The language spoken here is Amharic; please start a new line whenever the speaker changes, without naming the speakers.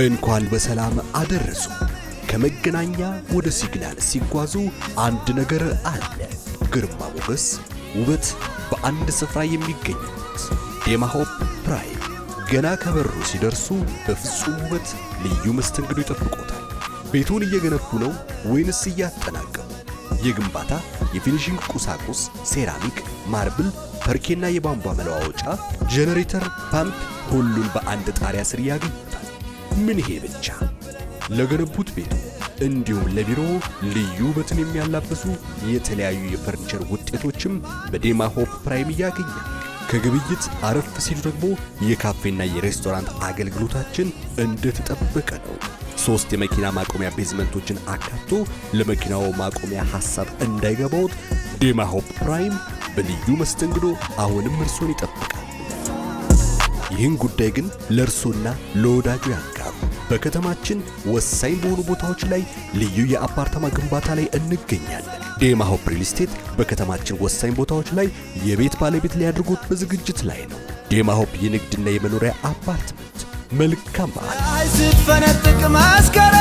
እንኳን በሰላም አደረሱ። ከመገናኛ ወደ ሲግናል ሲጓዙ አንድ ነገር አለ። ግርማ ሞገስ፣ ውበት በአንድ ስፍራ የሚገኙት ዴማ ፕራይ ፕራይም ገና ከበሩ ሲደርሱ በፍጹም ውበት ልዩ መስተንግዶ ይጠብቆታል። ቤቱን እየገነቡ ነው ወይንስ እያጠናቀሙ? የግንባታ የፊኒሽንግ ቁሳቁስ፣ ሴራሚክ፣ ማርብል፣ ፐርኬና የቧንቧ መለዋወጫ፣ ጄኔሬተር፣ ፓምፕ ሁሉን በአንድ ጣሪያ ስር ያገኝ ምን ይሄ ብቻ! ለገነቡት ቤት እንዲሁም ለቢሮ ልዩ ውበትን የሚያላብሱ የተለያዩ የፈርኒቸር ውጤቶችም በዴማ ሆፕ ፕራይም ያገኛል። ከግብይት አረፍ ሲሉ ደግሞ የካፌና የሬስቶራንት አገልግሎታችን እንደተጠበቀ ነው። ሶስት የመኪና ማቆሚያ ቤዝመንቶችን አካቶ ለመኪናው ማቆሚያ ሐሳብ እንዳይገባውት ዴማ ሆፕ ፕራይም በልዩ መስተንግዶ አሁንም እርሶን ይጠብቃል። ይህን ጉዳይ ግን ለእርሶና ለወዳጁ ያጋሩ። በከተማችን ወሳኝ በሆኑ ቦታዎች ላይ ልዩ የአፓርታማ ግንባታ ላይ እንገኛለን። ዴማ ሆፕ ሪል ስቴት በከተማችን ወሳኝ ቦታዎች ላይ የቤት ባለቤት ሊያድርጉት በዝግጅት ላይ ነው። ዴማ ሆፕ የንግድና የመኖሪያ አፓርትመንት። መልካም በዓል።